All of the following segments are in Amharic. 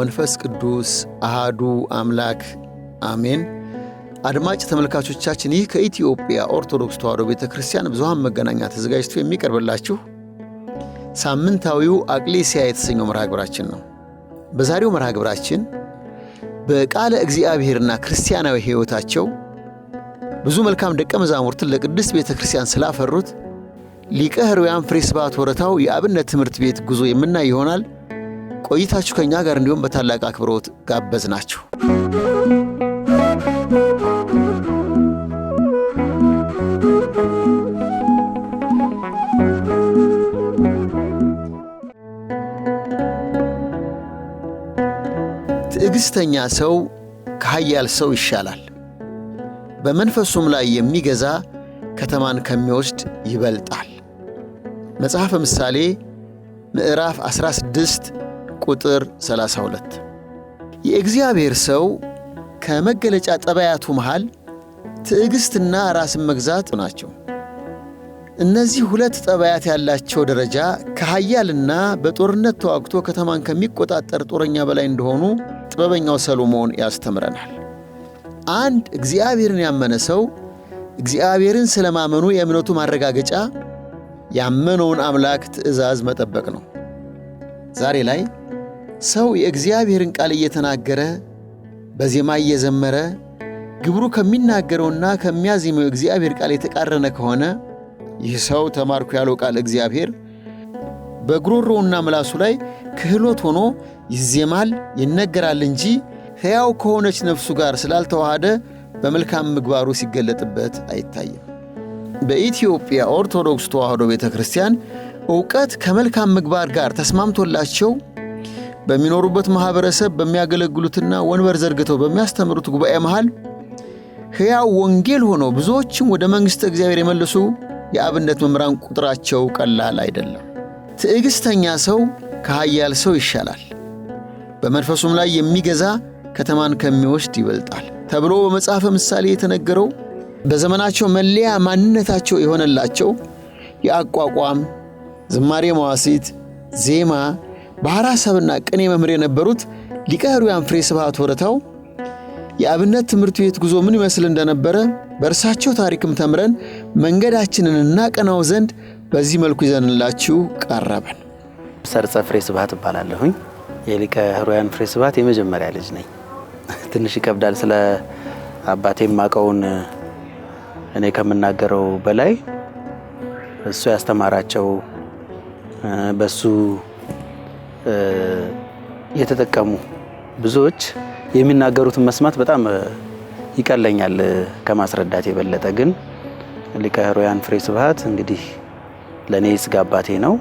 ወመንፈስ ቅዱስ አሃዱ አምላክ አሜን። አድማጭ ተመልካቾቻችን ይህ ከኢትዮጵያ ኦርቶዶክስ ተዋሕዶ ቤተ ክርስቲያን ብዙሃን መገናኛ ተዘጋጅቶ የሚቀርብላችሁ ሳምንታዊው አቅሌሲያ የተሰኘው መርሃ ግብራችን ነው። በዛሬው መርሃ ግብራችን በቃለ እግዚአብሔርና ክርስቲያናዊ ሕይወታቸው ብዙ መልካም ደቀ መዛሙርትን ለቅድስት ቤተ ክርስቲያን ስላፈሩት ሊቀ ሕሩያን ፍሬ ስብሐት ወረታው የአብነት ትምህርት ቤት ጉዞ የምናይ ይሆናል። ቆይታችሁ ከእኛ ጋር እንዲሁም በታላቅ አክብሮት ጋበዝ ናችሁ። ትዕግስተኛ ሰው ከኃያል ሰው ይሻላል፣ በመንፈሱም ላይ የሚገዛ ከተማን ከሚወስድ ይበልጣል። መጽሐፈ ምሳሌ ምዕራፍ 16 ቁጥር 32 የእግዚአብሔር ሰው ከመገለጫ ጠባያቱ መሃል ትዕግሥትና ራስን መግዛት ናቸው። እነዚህ ሁለት ጠባያት ያላቸው ደረጃ ከኃያልና በጦርነት ተዋግቶ ከተማን ከሚቆጣጠር ጦረኛ በላይ እንደሆኑ ጥበበኛው ሰሎሞን ያስተምረናል። አንድ እግዚአብሔርን ያመነ ሰው እግዚአብሔርን ስለ ማመኑ የእምነቱ ማረጋገጫ ያመነውን አምላክ ትእዛዝ መጠበቅ ነው። ዛሬ ላይ ሰው የእግዚአብሔርን ቃል እየተናገረ በዜማ እየዘመረ ግብሩ ከሚናገረውና ከሚያዜመው እግዚአብሔር ቃል የተቃረነ ከሆነ ይህ ሰው ተማርኩ ያለው ቃል እግዚአብሔር በጉሮሮውና ምላሱ ላይ ክህሎት ሆኖ ይዜማል ይነገራል እንጂ ሕያው ከሆነች ነፍሱ ጋር ስላልተዋሃደ በመልካም ምግባሩ ሲገለጥበት አይታይም። በኢትዮጵያ ኦርቶዶክስ ተዋሕዶ ቤተ ክርስቲያን እውቀት ከመልካም ምግባር ጋር ተስማምቶላቸው በሚኖሩበት ማህበረሰብ በሚያገለግሉትና ወንበር ዘርግተው በሚያስተምሩት ጉባኤ መሃል ሕያው ወንጌል ሆኖ ብዙዎችም ወደ መንግሥተ እግዚአብሔር የመለሱ የአብነት መምህራን ቁጥራቸው ቀላል አይደለም። ትዕግሥተኛ ሰው ከኃያል ሰው ይሻላል፣ በመንፈሱም ላይ የሚገዛ ከተማን ከሚወስድ ይበልጣል ተብሎ በመጽሐፈ ምሳሌ የተነገረው በዘመናቸው መለያ ማንነታቸው የሆነላቸው የአቋቋም ዝማሬ መዋሲት ዜማ ባሕረ ሐሳብና ቅኔ መምህር የነበሩት ሊቀ ሕሩያን ፍሬ ስብሐት ወረታው የአብነት ትምህርት ቤት ጉዞ ምን ይመስል እንደነበረ በእርሳቸው ታሪክም ተምረን መንገዳችንን እናቀናው ዘንድ በዚህ መልኩ ይዘንላችሁ ቀረበን። ሰርጸ ፍሬ ስብሐት እባላለሁኝ። የሊቀ ሕሩያን ፍሬ ስብሐት የመጀመሪያ ልጅ ነኝ። ትንሽ ይከብዳል። ስለ አባቴ የማውቀውን እኔ ከምናገረው በላይ እሱ ያስተማራቸው በሱ የተጠቀሙ ብዙዎች የሚናገሩትን መስማት በጣም ይቀለኛል ከማስረዳት የበለጠ ግን ሊቀ ሕሩያን ፍሬ ስብሐት እንግዲህ ለእኔ ስጋ አባቴ ነው።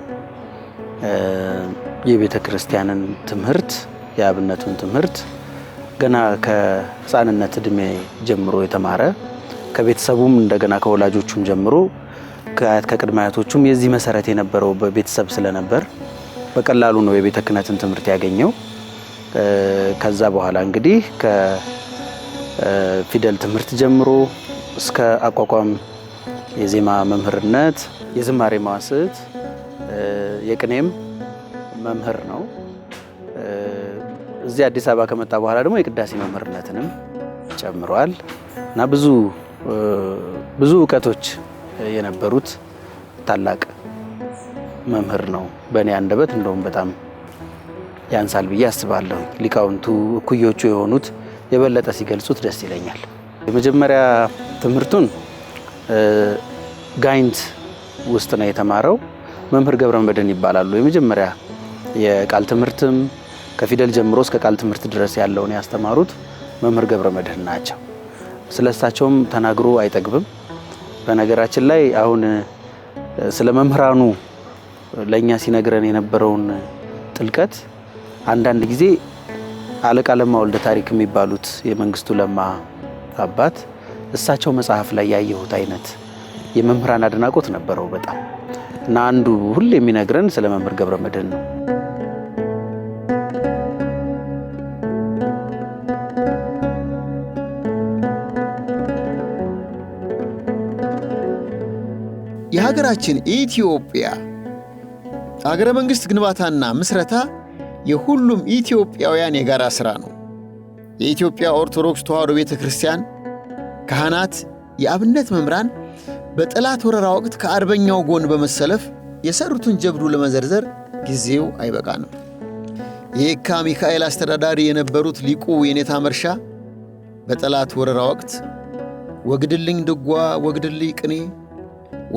የቤተ ክርስቲያንን ትምህርት የአብነቱን ትምህርት ገና ከህፃንነት እድሜ ጀምሮ የተማረ ከቤተሰቡም እንደገና ከወላጆቹም ጀምሮ ከአያት ከቅድመ አያቶቹም የዚህ መሰረት የነበረው በቤተሰብ ስለነበር በቀላሉ ነው የቤተ ክህነትን ትምህርት ያገኘው። ከዛ በኋላ እንግዲህ ከፊደል ትምህርት ጀምሮ እስከ አቋቋም የዜማ መምህርነት፣ የዝማሬ መዋሥዕት፣ የቅኔም መምህር ነው። እዚህ አዲስ አበባ ከመጣ በኋላ ደግሞ የቅዳሴ መምህርነትንም ጨምሯል እና ብዙ ብዙ እውቀቶች የነበሩት ታላቅ መምህር ነው። በእኔ አንደበት እንደውም በጣም ያንሳል ብዬ አስባለሁ። ሊቃውንቱ እኩዮቹ የሆኑት የበለጠ ሲገልጹት ደስ ይለኛል። የመጀመሪያ ትምህርቱን ጋይንት ውስጥ ነው የተማረው። መምህር ገብረመድህን ይባላሉ። የመጀመሪያ የቃል ትምህርትም ከፊደል ጀምሮ እስከ ቃል ትምህርት ድረስ ያለውን ያስተማሩት መምህር ገብረመድህን ናቸው። ስለ እሳቸውም ተናግሮ አይጠግብም። በነገራችን ላይ አሁን ስለ መምህራኑ ለእኛ ሲነግረን የነበረውን ጥልቀት አንዳንድ ጊዜ አለቃ ለማ ወልደ ታሪክ የሚባሉት የመንግስቱ ለማ አባት እሳቸው መጽሐፍ ላይ ያየሁት አይነት የመምህራን አድናቆት ነበረው በጣም እና አንዱ ሁሌ የሚነግረን ስለ መምህር ገብረ መድኅን ነው። የሀገራችን ኢትዮጵያ አገረ መንግሥት ግንባታና ምስረታ የሁሉም ኢትዮጵያውያን የጋራ ሥራ ነው። የኢትዮጵያ ኦርቶዶክስ ተዋሕዶ ቤተ ክርስቲያን ካህናት፣ የአብነት መምህራን በጠላት ወረራ ወቅት ከአርበኛው ጎን በመሰለፍ የሠሩትን ጀብዱ ለመዘርዘር ጊዜው አይበቃንም። የየካ ሚካኤል አስተዳዳሪ የነበሩት ሊቁ የኔታ መርሻ በጠላት ወረራ ወቅት ወግድልኝ ድጓ፣ ወግድልኝ ቅኔ፣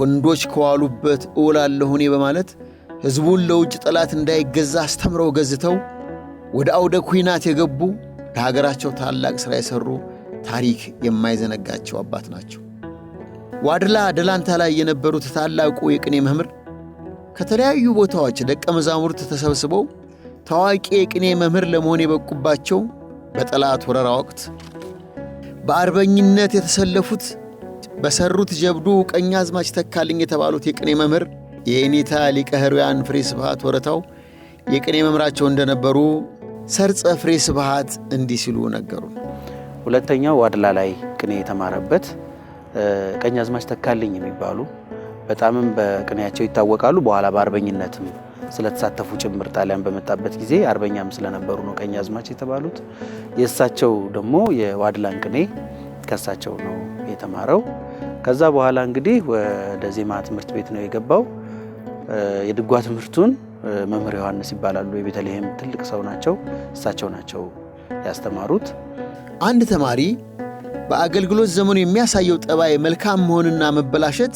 ወንዶች ከዋሉበት እውላለሁ እኔ በማለት ሕዝቡን ለውጭ ጠላት እንዳይገዛ አስተምረው ገዝተው ወደ አውደ ኩናት የገቡ ለሀገራቸው ታላቅ ሥራ የሠሩ ታሪክ የማይዘነጋቸው አባት ናቸው። ዋድላ ደላንታ ላይ የነበሩት ታላቁ የቅኔ መምህር ከተለያዩ ቦታዎች ደቀ መዛሙርት ተሰብስበው ታዋቂ የቅኔ መምህር ለመሆን የበቁባቸው በጠላት ወረራ ወቅት በአርበኝነት የተሰለፉት በሰሩት ጀብዱ ቀኛዝማች ተካልኝ የተባሉት የቅኔ መምህር የኔታ ሊቀ ፍሬ ስብሐት ወረታው የቅኔ መምራቸው እንደነበሩ ሰርጸ ፍሬ ስብሐት እንዲህ ሲሉ ነገሩ። ሁለተኛው ዋድላ ላይ ቅኔ የተማረበት ቀኝ አዝማች ተካልኝ የሚባሉ በጣምም በቅኔያቸው ይታወቃሉ። በኋላ በአርበኝነትም ስለተሳተፉ ጭምር ጣሊያን በመጣበት ጊዜ አርበኛም ስለነበሩ ነው ቀኝ አዝማች የተባሉት። የእሳቸው ደግሞ የዋድላን ቅኔ ከእሳቸው ነው የተማረው። ከዛ በኋላ እንግዲህ ወደ ዜማ ትምህርት ቤት ነው የገባው። የድጓ ትምህርቱን መምህር ዮሐንስ ይባላሉ። የቤተልሔም ትልቅ ሰው ናቸው። እሳቸው ናቸው ያስተማሩት። አንድ ተማሪ በአገልግሎት ዘመኑ የሚያሳየው ጠባይ መልካም መሆንና መበላሸት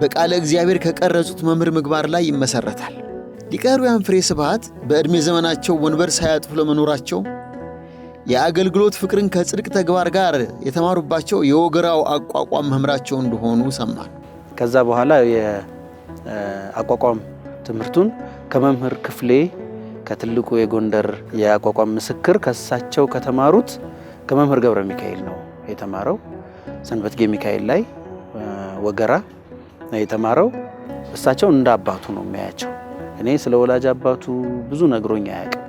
በቃለ እግዚአብሔር ከቀረጹት መምህር ምግባር ላይ ይመሰረታል። ሊቀ ፍሬ ስብሐት በዕድሜ ዘመናቸው ወንበር ሳያጥፉ ለመኖራቸው የአገልግሎት ፍቅርን ከጽድቅ ተግባር ጋር የተማሩባቸው የወገራው አቋቋም መምህራቸው እንደሆኑ ሰማል። ከዛ በኋላ አቋቋም ትምህርቱን ከመምህር ክፍሌ ከትልቁ የጎንደር የአቋቋም ምስክር ከሳቸው ከተማሩት ከመምህር ገብረ ሚካኤል ነው የተማረው። ሰንበትጌ ሚካኤል ላይ ወገራ ነው የተማረው። እሳቸው እንደ አባቱ ነው የሚያያቸው። እኔ ስለ ወላጅ አባቱ ብዙ ነግሮኝ አያውቅም።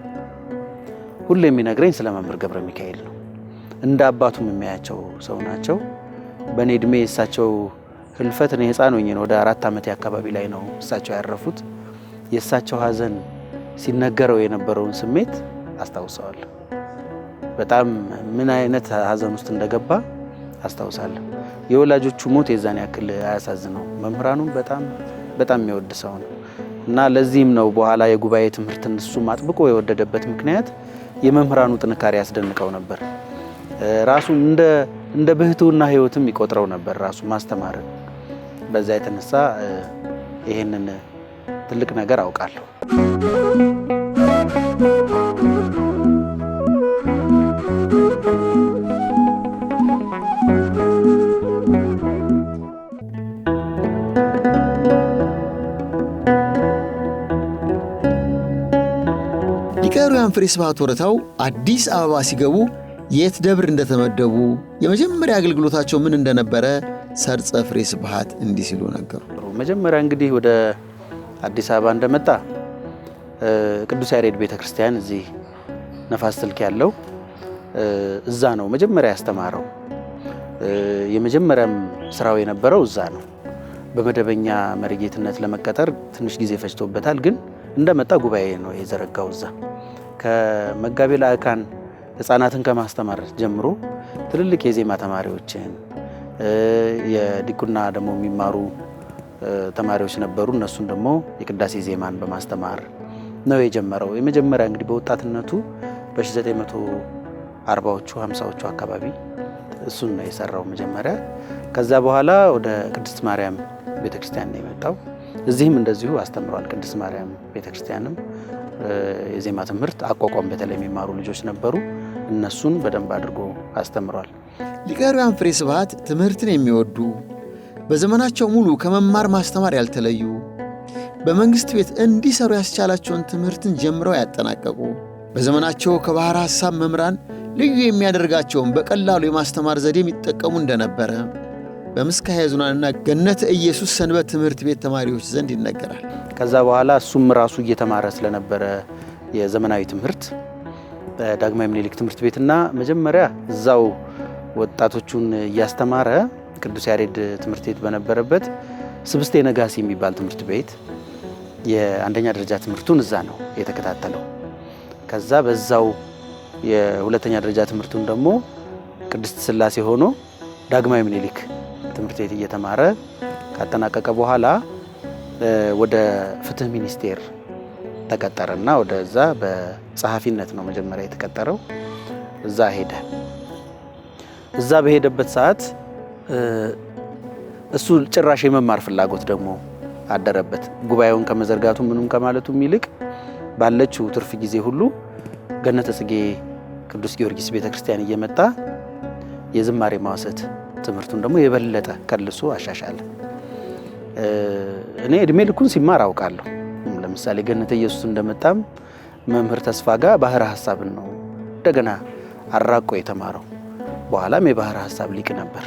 ሁሌ የሚነግረኝ ስለ መምህር ገብረ ሚካኤል ነው። እንደ አባቱም የሚያያቸው ሰው ናቸው። በእኔ እድሜ እሳቸው ህልፈት ነው። የህፃን ሆኜ ነው ወደ አራት ዓመቴ አካባቢ ላይ ነው እሳቸው ያረፉት። የእሳቸው ሀዘን ሲነገረው የነበረውን ስሜት አስታውሰዋል። በጣም ምን አይነት ሀዘን ውስጥ እንደገባ አስታውሳለሁ። የወላጆቹ ሞት የዛን ያክል አያሳዝነው። መምህራኑም በጣም በጣም የሚወድ ሰው ነው እና ለዚህም ነው በኋላ የጉባኤ ትምህርትን እሱ አጥብቆ የወደደበት ምክንያት የመምህራኑ ጥንካሬ ያስደንቀው ነበር። ራሱ እንደ ብህትውና ህይወትም ይቆጥረው ነበር ራሱ ማስተማርን በዛ የተነሳ ይህንን ትልቅ ነገር አውቃለሁ። የቀሪያን ፍሬ ስብሐት ወረታው አዲስ አበባ ሲገቡ የት ደብር እንደተመደቡ የመጀመሪያ አገልግሎታቸው ምን እንደነበረ ሰርጸ ፍሬ ስብሐት እንዲህ ሲሉ ነገሩ። መጀመሪያ እንግዲህ ወደ አዲስ አበባ እንደመጣ ቅዱስ ያሬድ ቤተ ክርስቲያን እዚህ ነፋስ ስልክ ያለው እዛ ነው መጀመሪያ ያስተማረው። የመጀመሪያም ስራው የነበረው እዛ ነው። በመደበኛ መሪጌትነት ለመቀጠር ትንሽ ጊዜ ፈጅቶበታል። ግን እንደመጣ ጉባኤ ነው የዘረጋው እዛ ከመጋቤ ላእካን ህፃናትን ከማስተማር ጀምሮ ትልልቅ የዜማ ተማሪዎችን የዲቁና ደግሞ የሚማሩ ተማሪዎች ነበሩ። እነሱን ደግሞ የቅዳሴ ዜማን በማስተማር ነው የጀመረው። የመጀመሪያ እንግዲህ በወጣትነቱ በ1940ዎቹ 50ዎቹ አካባቢ እሱን ነው የሰራው መጀመሪያ። ከዛ በኋላ ወደ ቅድስት ማርያም ቤተክርስቲያን ነው የመጣው። እዚህም እንደዚሁ አስተምሯል። ቅድስት ማርያም ቤተክርስቲያንም የዜማ ትምህርት አቋቋም በተለይ የሚማሩ ልጆች ነበሩ። እነሱን በደንብ አድርጎ አስተምሯል። ሊቀ ፍሬ ስብሐት ትምህርትን የሚወዱ በዘመናቸው ሙሉ ከመማር ማስተማር ያልተለዩ በመንግሥት ቤት እንዲሰሩ ያስቻላቸውን ትምህርትን ጀምረው ያጠናቀቁ በዘመናቸው ከባሕረ ሐሳብ መምህራን ልዩ የሚያደርጋቸውን በቀላሉ የማስተማር ዘዴ የሚጠቀሙ እንደነበረ በምስካየ ኅዙናንና ገነተ ኢየሱስ ሰንበት ትምህርት ቤት ተማሪዎች ዘንድ ይነገራል። ከዛ በኋላ እሱም ራሱ እየተማረ ስለነበረ የዘመናዊ ትምህርት በዳግማዊ ምኒልክ ትምህርት ቤትና መጀመሪያ እዛው ወጣቶቹን እያስተማረ ቅዱስ ያሬድ ትምህርት ቤት በነበረበት ስብስቴ ነጋሲ የሚባል ትምህርት ቤት የአንደኛ ደረጃ ትምህርቱን እዛ ነው የተከታተለው። ከዛ በዛው የሁለተኛ ደረጃ ትምህርቱን ደግሞ ቅድስት ሥላሴ ሆኖ ዳግማዊ ምኒልክ ትምህርት ቤት እየተማረ ካጠናቀቀ በኋላ ወደ ፍትህ ሚኒስቴር ተቀጠረና ወደዛ ጸሐፊነት ነው መጀመሪያ የተቀጠረው። እዛ ሄደ። እዛ በሄደበት ሰዓት እሱ ጭራሽ የመማር ፍላጎት ደግሞ አደረበት። ጉባኤውን ከመዘርጋቱ ምንም ከማለቱም ይልቅ ባለችው ትርፍ ጊዜ ሁሉ ገነተ ጽጌ ቅዱስ ጊዮርጊስ ቤተክርስቲያን እየመጣ የዝማሬ ማውሰት ትምህርቱን ደግሞ የበለጠ ከልሶ አሻሻለ። እኔ እድሜ ልኩን ሲማር አውቃለሁ። ለምሳሌ ገነተ ኢየሱስ እንደመጣም መምህር ተስፋ ጋር ባህረ ሀሳብን ነው እንደገና አራቆ የተማረው። በኋላም የባህረ ሀሳብ ሊቅ ነበር።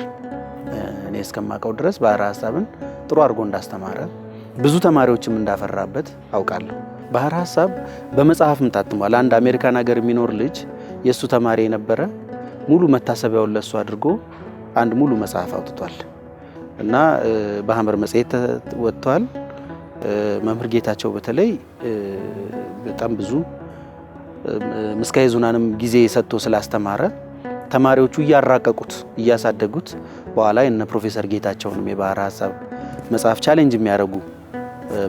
እኔ እስከማውቀው ድረስ ባህረ ሀሳብን ጥሩ አድርጎ እንዳስተማረ ብዙ ተማሪዎችም እንዳፈራበት አውቃለሁ። ባህረ ሀሳብ በመጽሐፍም ታትሟል። አንድ አሜሪካን ሀገር የሚኖር ልጅ የእሱ ተማሪ የነበረ ሙሉ መታሰቢያውን ለእሱ አድርጎ አንድ ሙሉ መጽሐፍ አውጥቷል እና በሐመር መጽሔት ወጥቷል። መምህር ጌታቸው በተለይ በጣም ብዙ ምስካየ ኅዙናንም ጊዜ ሰጥቶ ስላስተማረ ተማሪዎቹ እያራቀቁት እያሳደጉት በኋላ እነ ፕሮፌሰር ጌታቸውንም የባሕረ ሐሳብ መጽሐፍ ቻሌንጅ የሚያደርጉ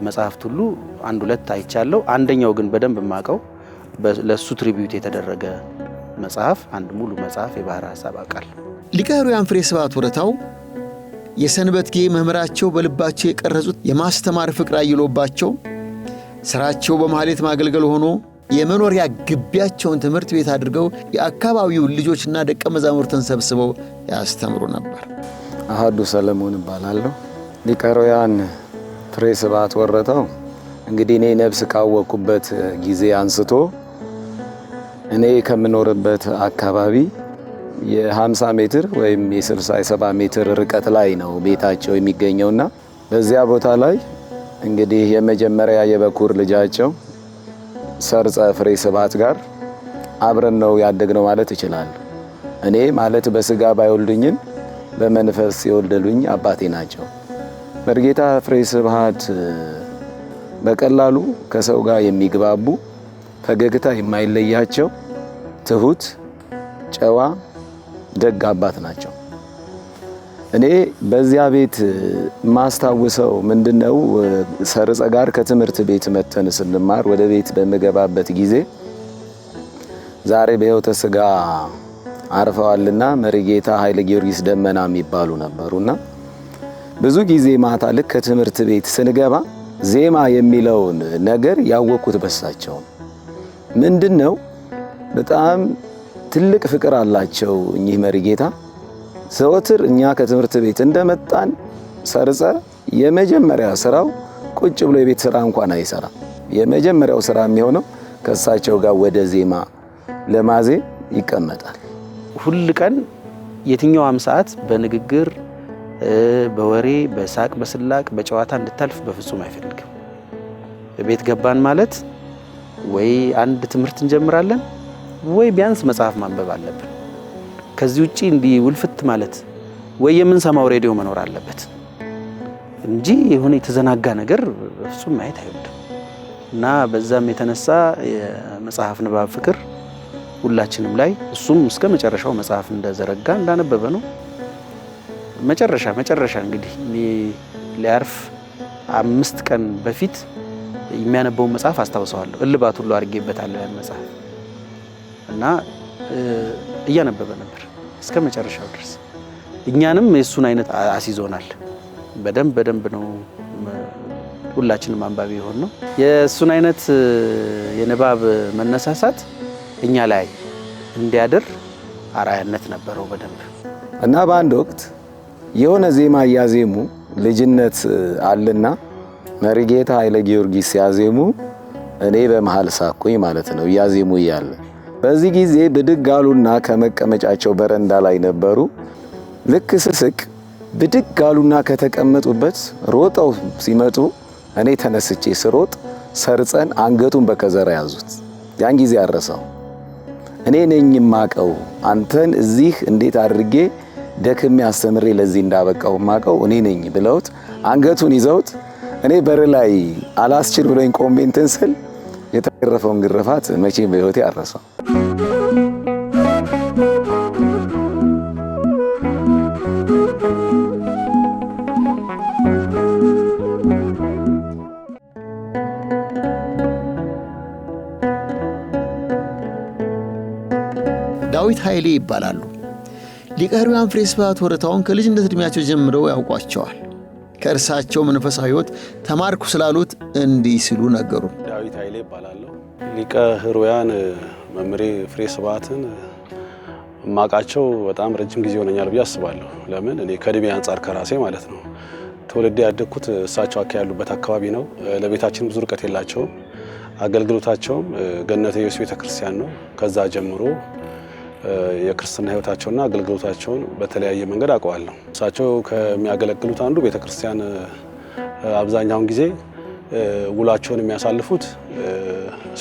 መጽሐፍት ሁሉ አንድ ሁለት አይቻለው። አንደኛው ግን በደንብ የማውቀው ለእሱ ትሪቢዩት የተደረገ መጽሐፍ አንድ ሙሉ መጽሐፍ የባሕረ ሐሳብ አውቃል። ሊቀ ሕሩያን ፍሬ ስብሐት ወረታው የሰንበት ጌ መምህራቸው በልባቸው የቀረጹት የማስተማር ፍቅር አይሎባቸው ሥራቸው በማኅሌት ማገልገል ሆኖ የመኖሪያ ግቢያቸውን ትምህርት ቤት አድርገው የአካባቢው ልጆችና ደቀ መዛሙርትን ሰብስበው ያስተምሩ ነበር። አህዱ ሰለሞን እባላለሁ። ሊቀሮያን ኅሩያን ፍሬ ስብሐት ወረተው እንግዲህ እኔ ነብስ ካወቅኩበት ጊዜ አንስቶ እኔ ከምኖርበት አካባቢ የ50 ሜትር ወይም የ67 ሜትር ርቀት ላይ ነው ቤታቸው የሚገኘውና በዚያ ቦታ ላይ እንግዲህ የመጀመሪያ የበኩር ልጃቸው ሰርጸ ፍሬ ስብሐት ጋር አብረን ነው ያደግነው ማለት ይችላል። እኔ ማለት በስጋ ባይወልዱኝም በመንፈስ የወለዱኝ አባቴ ናቸው። መርጌታ ፍሬ ስብሐት በቀላሉ ከሰው ጋር የሚግባቡ ፈገግታ የማይለያቸው ትሁት፣ ጨዋ፣ ደግ አባት ናቸው። እኔ በዚያ ቤት ማስታውሰው ምንድነው ሰርጸ ጋር ከትምህርት ቤት መተን ስንማር ወደ ቤት በምገባበት ጊዜ ዛሬ በሕይወተ ሥጋ አርፈዋልና መሪጌታ ኃይለ ጊዮርጊስ ደመና የሚባሉ ነበሩና ብዙ ጊዜ ማታ ልክ ከትምህርት ቤት ስንገባ ዜማ የሚለውን ነገር ያወቁት በሳቸው ምንድነው በጣም ትልቅ ፍቅር አላቸው እኚህ መሪጌታ ዘወትር እኛ ከትምህርት ቤት እንደመጣን ሰርጸ የመጀመሪያ ስራው ቁጭ ብሎ የቤት ስራ እንኳን አይሰራም። የመጀመሪያው ስራ የሚሆነው ከእሳቸው ጋር ወደ ዜማ ለማዜም ይቀመጣል። ሁል ቀን የትኛውም ሰዓት በንግግር በወሬ በሳቅ በስላቅ በጨዋታ እንድታልፍ በፍጹም አይፈልግም። ቤት ገባን ማለት ወይ አንድ ትምህርት እንጀምራለን ወይ ቢያንስ መጽሐፍ ማንበብ አለብን። ከዚህ ውጪ እንዲህ ውልፍት ማለት ወይ የምንሰማው ሬዲዮ መኖር አለበት እንጂ የሆነ የተዘናጋ ነገር በፍጹም ማየት አይወድም እና በዛም የተነሳ የመጽሐፍ ንባብ ፍቅር ሁላችንም ላይ እሱም እስከ መጨረሻው መጽሐፍ እንደዘረጋ እንዳነበበ ነው። መጨረሻ መጨረሻ እንግዲህ እኔ ሊያርፍ አምስት ቀን በፊት የሚያነበውን መጽሐፍ አስታውሰዋለሁ። እልባት ሁሉ አድርጌበታለሁ ያን መጽሐፍ እና እያነበበ ነበር። እስከ መጨረሻው ድረስ እኛንም የእሱን አይነት አስይዞናል። በደንብ በደንብ ነው ሁላችንም አንባቢ የሆን ነው። የእሱን አይነት የንባብ መነሳሳት እኛ ላይ እንዲያድር አራያነት ነበረው በደንብ እና በአንድ ወቅት የሆነ ዜማ እያዜሙ ልጅነት አለና መሪጌታ ኃይለ ጊዮርጊስ ሲያዜሙ እኔ በመሀል ሳኩኝ ማለት ነው እያዜሙ እያለ በዚህ ጊዜ ብድግ አሉና ከመቀመጫቸው በረንዳ ላይ ነበሩ። ልክ ስስቅ ብድግ አሉና ከተቀመጡበት ሮጠው ሲመጡ እኔ ተነስቼ ስሮጥ ሰርፀን አንገቱን በከዘራ ያዙት። ያን ጊዜ አረሰው። እኔ ነኝ ማቀው አንተን እዚህ እንዴት አድርጌ ደክሜ አስተምሬ ለዚህ እንዳበቃው ማቀው እኔ ነኝ ብለውት አንገቱን ይዘውት እኔ በር ላይ አላስችል ብለኝ ቆሜ እንትን ስል የተገረፈውን ግርፋት መቼም በህይወቴ አረሰው። ዳዊት ኃይሌ ይባላሉ። ሊቀ ሕሩያን ፍሬ ስብሐት ወረታውን ከልጅነት ዕድሜያቸው ጀምረው ያውቋቸዋል። ከእርሳቸው መንፈሳዊ ሕይወት ተማርኩ ስላሉት እንዲህ ሲሉ ነገሩ። ኃይሌ ይባላለሁ። ሊቀ ህሩያን መምሬ ፍሬ ስብሐትን እማቃቸው በጣም ረጅም ጊዜ ሆነኛል ብዬ አስባለሁ። ለምን እኔ ከእድሜ አንጻር ከራሴ ማለት ነው። ተወልጄ ያደግኩት እሳቸው አካ ያሉበት አካባቢ ነው። ለቤታችን ብዙ ርቀት የላቸውም። አገልግሎታቸውም ገነተ ኢየሱስ ቤተክርስቲያን ነው። ከዛ ጀምሮ የክርስትና ህይወታቸውና አገልግሎታቸውን በተለያየ መንገድ አውቀዋለሁ። እሳቸው ከሚያገለግሉት አንዱ ቤተክርስቲያን አብዛኛውን ጊዜ ውላቸውን የሚያሳልፉት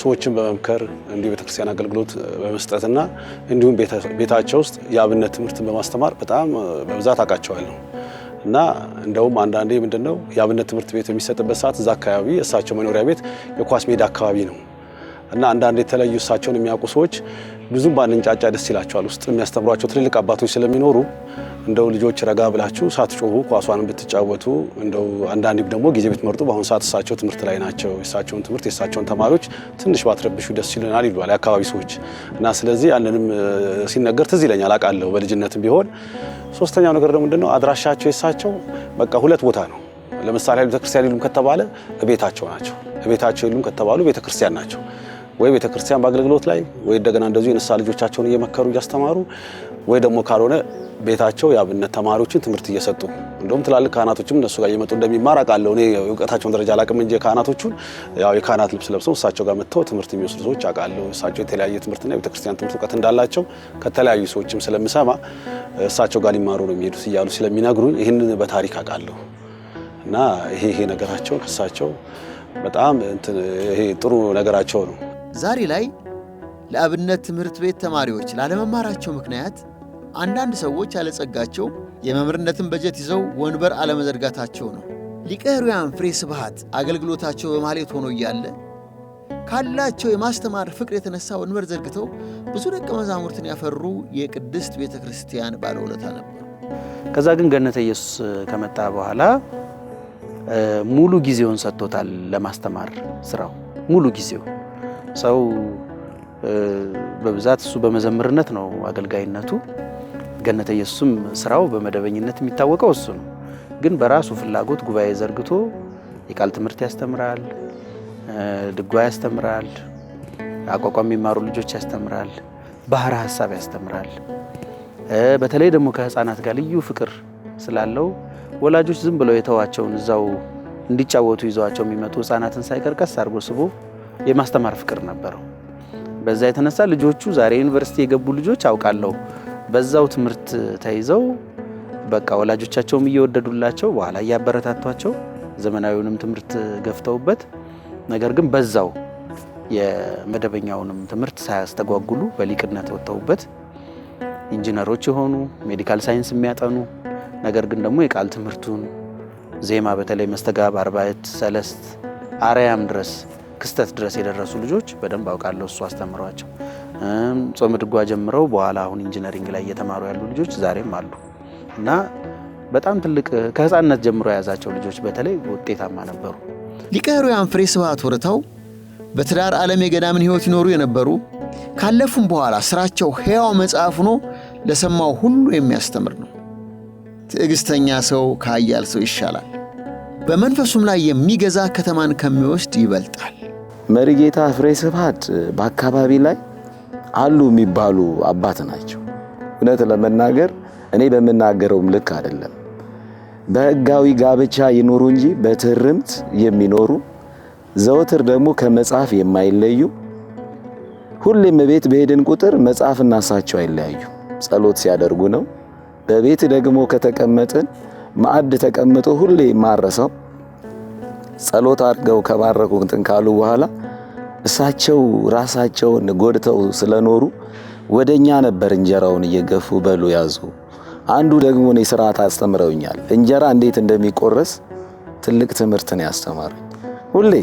ሰዎችን በመምከር እንዲሁ ቤተክርስቲያን አገልግሎት በመስጠትና እንዲሁም ቤታቸው ውስጥ የአብነት ትምህርትን በማስተማር በጣም በብዛት አውቃቸዋለሁ እና እንደውም አንዳንዴ ምንድን ነው የአብነት ትምህርት ቤት በሚሰጥበት ሰዓት እዛ አካባቢ እሳቸው መኖሪያ ቤት የኳስ ሜዳ አካባቢ ነው እና አንዳንድ የተለዩ እሳቸውን የሚያውቁ ሰዎች ብዙ ባንንጫጫ ደስ ይላቸዋል። ውስጥ የሚያስተምሯቸው ትልልቅ አባቶች ስለሚኖሩ እንደው ልጆች ረጋ ብላችሁ ሳትጮሁ ኳሷን ብትጫወቱ እንደው አንዳንድ ደግሞ ጊዜ ብትመርጡ፣ በአሁኑ ሰዓት እሳቸው ትምህርት ላይ ናቸው። የእሳቸውን ትምህርት የእሳቸውን ተማሪዎች ትንሽ ባትረብሹ ደስ ይለናል ይሏል የአካባቢ ሰዎች እና ስለዚህ ያንንም ሲነገር ትዝ ይለኛል አውቃለሁ በልጅነት ቢሆን። ሶስተኛው ነገር ደግሞ ምንድነው አድራሻቸው የእሳቸው በቃ ሁለት ቦታ ነው። ለምሳሌ ቤተክርስቲያን የሉም ከተባለ እቤታቸው ናቸው። እቤታቸው የሉም ከተባሉ ቤተክርስቲያን ናቸው። ወይ ቤተክርስቲያን በአገልግሎት ላይ ወይ እንደገና እንደዚሁ የንስሐ ልጆቻቸውን እየመከሩ እያስተማሩ ወይ ደግሞ ካልሆነ ቤታቸው የአብነት ተማሪዎችን ትምህርት እየሰጡ እንደውም ትላልቅ ካህናቶችም እነሱ ጋር እየመጡ እንደሚማር አውቃለሁ። እኔ እውቀታቸውን ደረጃ አላውቅም እንጂ ካህናቶቹን ያው የካህናት ልብስ ለብሰው እሳቸው ጋር መጥተው ትምህርት የሚወስዱ ሰዎች አውቃለሁ። እሳቸው የተለያየ ትምህርትና የቤተክርስቲያን ትምህርት እውቀት እንዳላቸው ከተለያዩ ሰዎችም ስለምሰማ እሳቸው ጋር ሊማሩ ነው የሚሄዱት እያሉ ስለሚነግሩኝ ይህንን በታሪክ አውቃለሁ እና ይሄ ይሄ ነገራቸው ከእሳቸው በጣም ይሄ ጥሩ ነገራቸው ነው ዛሬ ላይ ለአብነት ትምህርት ቤት ተማሪዎች ላለመማራቸው ምክንያት አንዳንድ ሰዎች ያለጸጋቸው የመምህርነትን በጀት ይዘው ወንበር አለመዘርጋታቸው ነው። ሊቀሩያን ፍሬ ስብሐት አገልግሎታቸው በማሌት ሆኖ እያለ ካላቸው የማስተማር ፍቅር የተነሳ ወንበር ዘርግተው ብዙ ደቀ መዛሙርትን ያፈሩ የቅድስት ቤተ ክርስቲያን ባለውለታ ነበሩ። ከዛ ግን ገነተ ኢየሱስ ከመጣ በኋላ ሙሉ ጊዜውን ሰጥቶታል ለማስተማር ስራው ሙሉ ጊዜው ሰው በብዛት እሱ በመዘምርነት ነው አገልጋይነቱ። ገነተ ኢየሱስም ስራው በመደበኝነት የሚታወቀው እሱ ነው። ግን በራሱ ፍላጎት ጉባኤ ዘርግቶ የቃል ትምህርት ያስተምራል፣ ድጓ ያስተምራል፣ አቋቋም የሚማሩ ልጆች ያስተምራል፣ ባህረ ሀሳብ ያስተምራል። በተለይ ደግሞ ከህፃናት ጋር ልዩ ፍቅር ስላለው ወላጆች ዝም ብለው የተዋቸውን እዛው እንዲጫወቱ ይዘዋቸው የሚመጡ ህፃናትን ሳይቀር ቀስ አድርጎ ስቦ የማስተማር ፍቅር ነበረው። በዛ የተነሳ ልጆቹ ዛሬ ዩኒቨርሲቲ የገቡ ልጆች አውቃለሁ በዛው ትምህርት ተይዘው በቃ ወላጆቻቸውም እየወደዱላቸው በኋላ እያበረታቷቸው ዘመናዊውንም ትምህርት ገፍተውበት ነገር ግን በዛው የመደበኛውንም ትምህርት ሳያስተጓጉሉ በሊቅነት ወጥተውበት ኢንጂነሮች የሆኑ ሜዲካል ሳይንስ የሚያጠኑ ነገር ግን ደግሞ የቃል ትምህርቱን ዜማ፣ በተለይ መስተጋብ፣ አርባዕት፣ ሰለስት አርያም ድረስ ክስተት ድረስ የደረሱ ልጆች በደንብ አውቃለሁ። እሱ አስተምሯቸው ጾም ድጓ ጀምረው በኋላ አሁን ኢንጂነሪንግ ላይ እየተማሩ ያሉ ልጆች ዛሬም አሉ እና በጣም ትልቅ ከህፃንነት ጀምሮ የያዛቸው ልጆች በተለይ ውጤታማ ነበሩ። ሊቀሩ ሕሩያን ስብሐት ወረታው በትዳር ዓለም የገዳምን ህይወት ይኖሩ የነበሩ ካለፉም በኋላ ስራቸው ሕያው መጽሐፍ ሆኖ ለሰማው ሁሉ የሚያስተምር ነው። ትዕግሥተኛ ሰው ከአያል ሰው ይሻላል፣ በመንፈሱም ላይ የሚገዛ ከተማን ከሚወስድ ይበልጣል። መሪጌታ ፍሬ ስብሐት በአካባቢ ላይ አሉ የሚባሉ አባት ናቸው። እውነት ለመናገር እኔ በምናገረውም ልክ አይደለም። በህጋዊ ጋብቻ ይኖሩ እንጂ በትርምት የሚኖሩ ዘወትር ደግሞ ከመጽሐፍ የማይለዩ ሁሌም ቤት በሄድን ቁጥር መጽሐፍና እናሳቸው አይለያዩ። ጸሎት ሲያደርጉ ነው። በቤት ደግሞ ከተቀመጥን ማዕድ ተቀምጦ ሁሌ ማረሰው ጸሎት አድርገው ከባረኩ እንትን ካሉ በኋላ እሳቸው ራሳቸውን ጎድተው ስለኖሩ ወደ እኛ ነበር እንጀራውን እየገፉ በሉ ያዙ። አንዱ ደግሞ እኔ ስርዓት አስተምረውኛል። እንጀራ እንዴት እንደሚቆረስ ትልቅ ትምህርት ነው ያስተማሩኝ። ሁሌ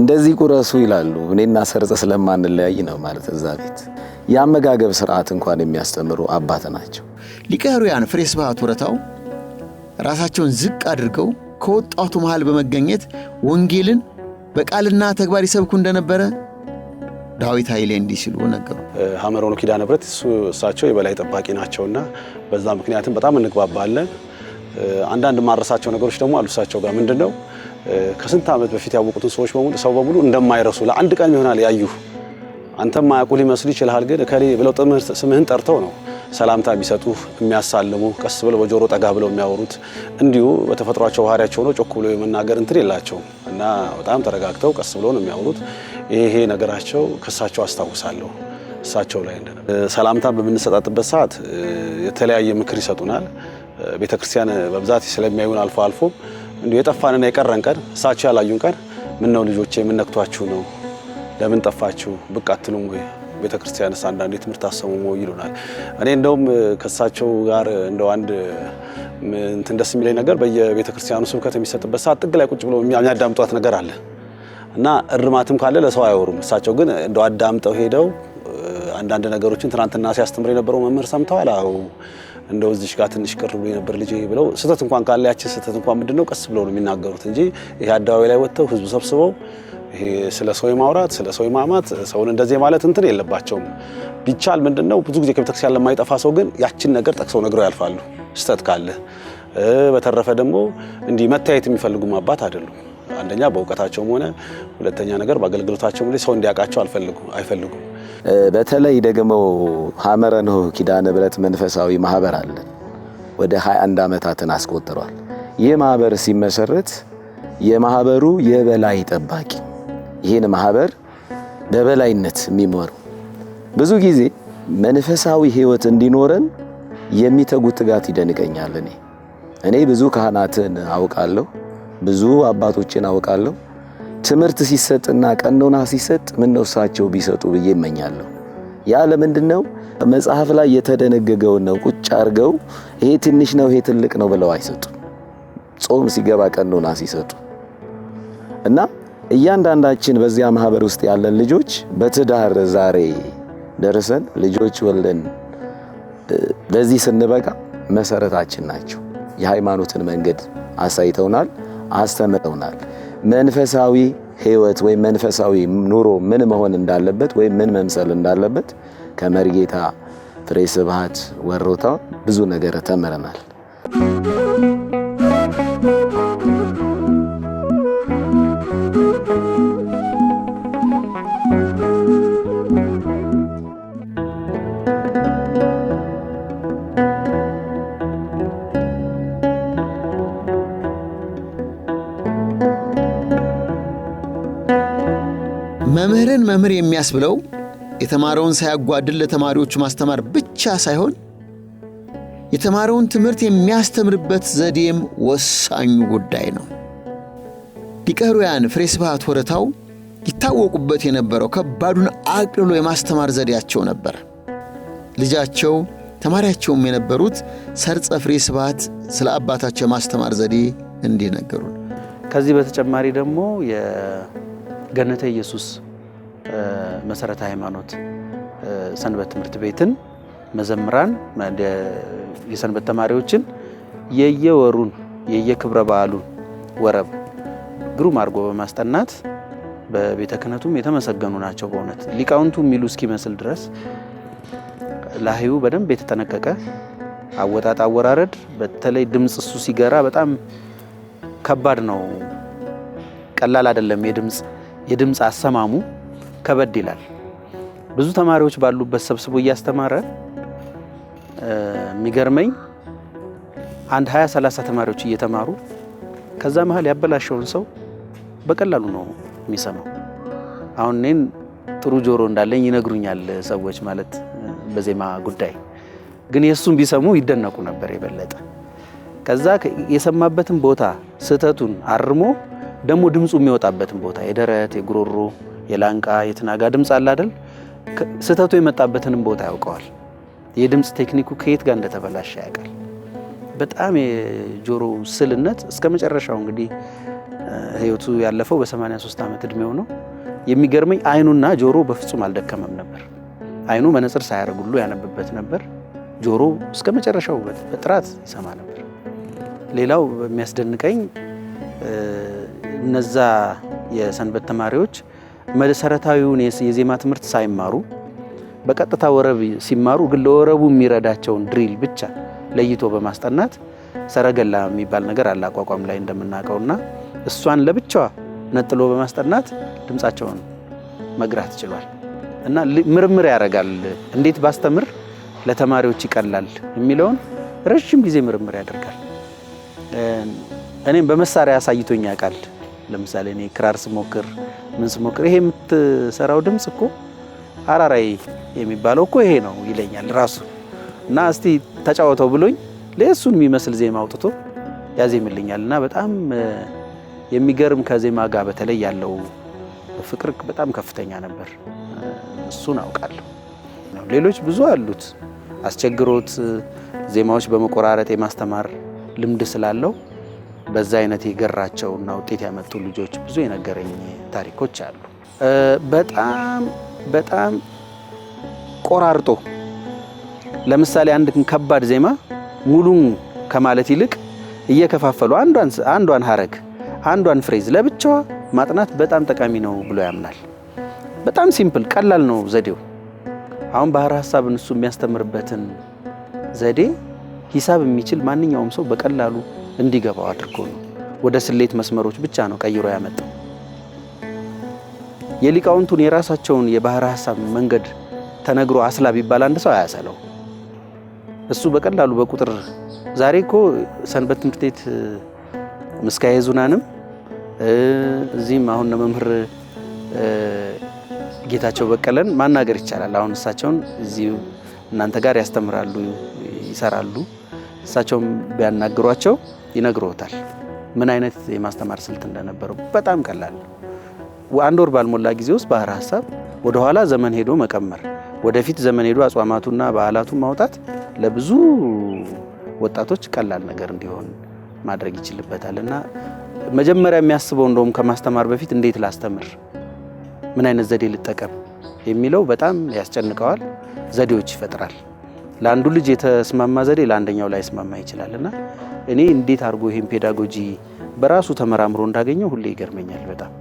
እንደዚህ ቁረሱ ይላሉ። እኔና ሰርጸ ስለማንለያይ ነው ማለት እዛ ቤት የአመጋገብ ስርዓት እንኳን የሚያስተምሩ አባት ናቸው። ሊቀ ሕሩያን ፍሬ ስብሐት ወረታው ራሳቸውን ዝቅ አድርገው ከወጣቱ መሃል በመገኘት ወንጌልን በቃልና ተግባር ይሰብኩ እንደነበረ ዳዊት ኃይሌ እንዲህ ሲሉ ነገሩ። ሀመሮኑ ኪዳነ ብረት እሳቸው የበላይ ጠባቂ ናቸውና በዛ ምክንያትም በጣም እንግባባለን። አንዳንድ ማረሳቸው ነገሮች ደግሞ አሉ እሳቸው ጋር ምንድን ነው ከስንት ዓመት በፊት ያወቁትን ሰዎች በሙሉ ሰው በሙሉ እንደማይረሱ ለአንድ ቀን ይሆናል ያዩ አንተም ማያውቁ ሊመስሉ ይችልሃል፣ ግን እከሌ ብለው ስምህን ጠርተው ነው ሰላምታ የሚሰጡ የሚያሳልሙ፣ ቀስ ብለው በጆሮ ጠጋ ብለው የሚያወሩት እንዲሁ በተፈጥሯቸው ባህሪያቸው ነው። ጮክ ብሎ የመናገር እንትን የላቸውም እና በጣም ተረጋግተው ቀስ ብለው ነው የሚያወሩት። ይሄ ነገራቸው ከእሳቸው አስታውሳለሁ እሳቸው ላይ ሰላምታ በምንሰጣጥበት ሰዓት የተለያየ ምክር ይሰጡናል። ቤተ ክርስቲያን በብዛት ስለሚያዩን አልፎ አልፎ እንዲሁ የጠፋንና የቀረን ቀን እሳቸው ያላዩን ቀን ምን ነው ልጆቼ፣ የምነክቷችሁ ነው? ለምን ጠፋችሁ? ብቅ አትሉም ወይ? ቤተ ክርስቲያንስ አንዳንዴ ትምህርት አሰሙሞ ይሉናል። እኔ እንደውም ከእሳቸው ጋር እንደው አንድ እንትን ደስ የሚለኝ ነገር በየቤተ ክርስቲያኑ ስብከት የሚሰጥበት ሰዓት ጥግ ላይ ቁጭ ብሎ የሚያዳምጧት ነገር አለ እና እርማትም ካለ ለሰው አይወሩም። እሳቸው ግን እንደው አዳምጠው ሄደው አንዳንድ ነገሮችን ትናንትና ሲያስተምር የነበረው መምህር ሰምተዋል። አዎ እንደው እዚሽ ጋር ትንሽ ቅር ብሎ የነበር ልጄ ብለው ስህተት እንኳን ካለ ያችን ስህተት እንኳን ምንድነው ቀስ ብለው ነው የሚናገሩት እንጂ ይሄ አደባባይ ላይ ወጥተው ህዝቡ ሰብስበው ይሄ ስለ ሰው የማውራት ስለ ሰው የማማት ሰውን እንደዚህ ማለት እንትን የለባቸውም። ቢቻል ምንድነው ብዙ ጊዜ ከቤተክርስቲያን ለማይጠፋ ሰው ግን ያችን ነገር ጠቅሰው ነግረው ያልፋሉ፣ ስህተት ካለ። በተረፈ ደግሞ እንዲህ መታየት የሚፈልጉም አባት አይደሉም። አንደኛ በእውቀታቸውም ሆነ ሁለተኛ ነገር በአገልግሎታቸውም ላይ ሰው እንዲያውቃቸው አይፈልጉም። በተለይ ደግሞ ሐመረ ኖኅ ኪዳነ ምሕረት መንፈሳዊ ማህበር አለ። ወደ 21 ዓመታትን አስቆጥሯል። ይህ ማህበር ሲመሰረት የማህበሩ የበላይ ጠባቂ ይህን ማህበር በበላይነት የሚመሩ ብዙ ጊዜ መንፈሳዊ ህይወት እንዲኖረን የሚተጉ ትጋት ይደንቀኛል። እኔ እኔ ብዙ ካህናትን አውቃለሁ፣ ብዙ አባቶችን አውቃለሁ። ትምህርት ሲሰጥና ቀኖና ሲሰጥ ምን ነው እሳቸው ቢሰጡ ብዬ እመኛለሁ። ያ ለምንድን ነው? መጽሐፍ ላይ የተደነገገውን ነው ቁጭ አድርገው ይሄ ትንሽ ነው ይሄ ትልቅ ነው ብለው አይሰጡም። ጾም ሲገባ ቀኖና ሲሰጡ እና እያንዳንዳችን በዚያ ማህበር ውስጥ ያለን ልጆች በትዳር ዛሬ ደርሰን ልጆች ወልደን ለዚህ ስንበቃ መሰረታችን ናቸው። የሃይማኖትን መንገድ አሳይተውናል፣ አስተምረውናል። መንፈሳዊ ህይወት ወይም መንፈሳዊ ኑሮ ምን መሆን እንዳለበት ወይም ምን መምሰል እንዳለበት ከመርጌታ ፍሬ ስብሐት ወሮታ ብዙ ነገር ተምረናል። መምህር የሚያስብለው የተማረውን ሳያጓድል ለተማሪዎቹ ማስተማር ብቻ ሳይሆን የተማረውን ትምህርት የሚያስተምርበት ዘዴም ወሳኙ ጉዳይ ነው። ሊቀ ፍሬ ስብሐት ወረታው ይታወቁበት የነበረው ከባዱን አቅልሎ የማስተማር ዘዴያቸው ነበር። ልጃቸው ተማሪያቸውም የነበሩት ሰርጸ ፍሬ ስብሐት ስለ አባታቸው የማስተማር ዘዴ እንዲህ ነገሩን። ከዚህ በተጨማሪ ደግሞ የገነተ ኢየሱስ መሰረተ ሃይማኖት ሰንበት ትምህርት ቤትን መዘምራን የሰንበት ተማሪዎችን የየወሩን የየክብረ በዓሉን ወረብ ግሩም አድርጎ በማስጠናት በቤተ ክህነቱም የተመሰገኑ ናቸው። በእውነት ሊቃውንቱ የሚሉ እስኪመስል ድረስ ላህዩ በደንብ የተጠነቀቀ አወጣጥ አወራረድ፣ በተለይ ድምፅ እሱ ሲገራ በጣም ከባድ ነው። ቀላል አይደለም። የድምፅ የድምፅ አሰማሙ ከበድ ይላል። ብዙ ተማሪዎች ባሉበት ሰብስቦ እያስተማረ የሚገርመኝ አንድ 20 30 ተማሪዎች እየተማሩ ከዛ መሀል ያበላሸውን ሰው በቀላሉ ነው የሚሰማው። አሁን እኔን ጥሩ ጆሮ እንዳለኝ ይነግሩኛል ሰዎች ማለት በዜማ ጉዳይ ግን የእሱን ቢሰሙ ይደነቁ ነበር የበለጠ ከዛ የሰማበትን ቦታ ስህተቱን አርሞ ደግሞ ድምፁ የሚወጣበትን ቦታ የደረት የጉሮሮ የላንቃ የትናጋ ድምፅ አለ አይደል? ስህተቱ የመጣበትንም ቦታ ያውቀዋል። የድምፅ ቴክኒኩ ከየት ጋር እንደተበላሸ ያውቃል። በጣም የጆሮ ስልነት እስከ መጨረሻው እንግዲህ ህይወቱ ያለፈው በ83 ዓመት እድሜው ነው። የሚገርመኝ አይኑና ጆሮ በፍጹም አልደከመም ነበር። አይኑ መነጽር ሳያደርግ ሁሉ ያነብበት ነበር። ጆሮ እስከ መጨረሻው በጥራት ይሰማ ነበር። ሌላው የሚያስደንቀኝ እነዛ የሰንበት ተማሪዎች መሰረታዊውን የዜማ ትምህርት ሳይማሩ በቀጥታ ወረብ ሲማሩ ግን ለወረቡ የሚረዳቸውን ድሪል ብቻ ለይቶ በማስጠናት ሰረገላ የሚባል ነገር አለ አቋቋም ላይ እና እሷን ለብቻዋ ነጥሎ በማስጠናት ድምፃቸውን መግራት ችሏል። እና ምርምር ያደርጋል። እንዴት ባስተምር ለተማሪዎች ይቀላል የሚለውን ረዥም ጊዜ ምርምር ያደርጋል። እኔም በመሳሪያ አሳይቶኝ ያውቃል። ለምሳሌ እኔ ክራር ስሞክር ምን ስሞክር ይሄ የምትሰራው ድምፅ እኮ አራራይ የሚባለው እኮ ይሄ ነው ይለኛል ራሱ እና እስቲ ተጫወተው ብሎኝ ለእሱን የሚመስል ዜማ አውጥቶ ያዜምልኛል እና በጣም የሚገርም ከዜማ ጋር በተለይ ያለው ፍቅር በጣም ከፍተኛ ነበር። እሱን አውቃለሁ። ሌሎች ብዙ አሉት። አስቸግሮት ዜማዎች በመቆራረጥ የማስተማር ልምድ ስላለው በዛ አይነት የገራቸውና ውጤት ያመጡ ልጆች ብዙ የነገረኝ ታሪኮች አሉ። በጣም በጣም ቆራርጦ ለምሳሌ አንድ ከባድ ዜማ ሙሉን ከማለት ይልቅ እየከፋፈሉ አንዷን ሀረግ አንዷን ፍሬዝ ለብቻዋ ማጥናት በጣም ጠቃሚ ነው ብሎ ያምናል። በጣም ሲምፕል ቀላል ነው ዘዴው። አሁን ባህረ ሐሳብን እሱ የሚያስተምርበትን ዘዴ ሂሳብ የሚችል ማንኛውም ሰው በቀላሉ እንዲገባው አድርጎ ነው። ወደ ስሌት መስመሮች ብቻ ነው ቀይሮ ያመጣው። የሊቃውንቱን የራሳቸውን የባህረ ሐሳብ መንገድ ተነግሮ አስላ ቢባል አንድ ሰው አያሰለው። እሱ በቀላሉ በቁጥር ዛሬ እኮ ሰንበት ትምህርት ቤት ምስካየ ኅዙናንም እዚህም አሁን መምህር ጌታቸው በቀለን ማናገር ይቻላል። አሁን እሳቸውን እዚሁ እናንተ ጋር ያስተምራሉ፣ ይሰራሉ። እሳቸውም ቢያናግሯቸው ይነግሮታል፣ ምን አይነት የማስተማር ስልት እንደነበረው። በጣም ቀላል። አንድ ወር ባልሞላ ጊዜ ውስጥ ባህረ ሀሳብ ወደኋላ ዘመን ሄዶ መቀመር፣ ወደፊት ዘመን ሄዶ አጽዋማቱና በዓላቱን ማውጣት ለብዙ ወጣቶች ቀላል ነገር እንዲሆን ማድረግ ይችልበታል። እና መጀመሪያ የሚያስበው እንደውም ከማስተማር በፊት እንዴት ላስተምር፣ ምን አይነት ዘዴ ልጠቀም የሚለው በጣም ያስጨንቀዋል። ዘዴዎች ይፈጥራል። ለአንዱ ልጅ የተስማማ ዘዴ ለአንደኛው ላይ ስማማ ይችላል እና እኔ እንዴት አድርጎ ይህን ፔዳጎጂ በራሱ ተመራምሮ እንዳገኘው ሁሌ ይገርመኛል በጣም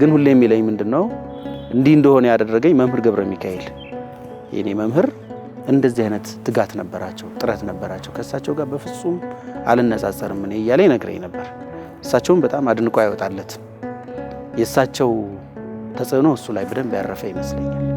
ግን ሁሌ የሚለኝ ምንድን ነው እንዲህ እንደሆነ ያደረገኝ መምህር ገብረ ሚካኤል የኔ መምህር እንደዚህ አይነት ትጋት ነበራቸው፣ ጥረት ነበራቸው። ከእሳቸው ጋር በፍጹም አልነጻጸርም እኔ እያለ ይነግረኝ ነበር። እሳቸውን በጣም አድንቆ አይወጣለት የእሳቸው ተጽዕኖ እሱ ላይ በደንብ ያረፈ ይመስለኛል።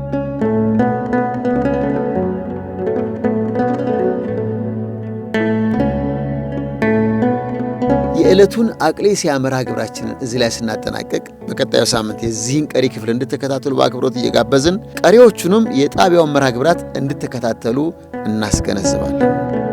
የዕለቱን አቅሌስያ መርሃ ግብራችንን እዚህ ላይ ስናጠናቀቅ በቀጣዩ ሳምንት የዚህን ቀሪ ክፍል እንድትከታተሉ በአክብሮት እየጋበዝን ቀሪዎቹንም የጣቢያውን መርሃ ግብራት እንድትከታተሉ እናስገነዝባለን።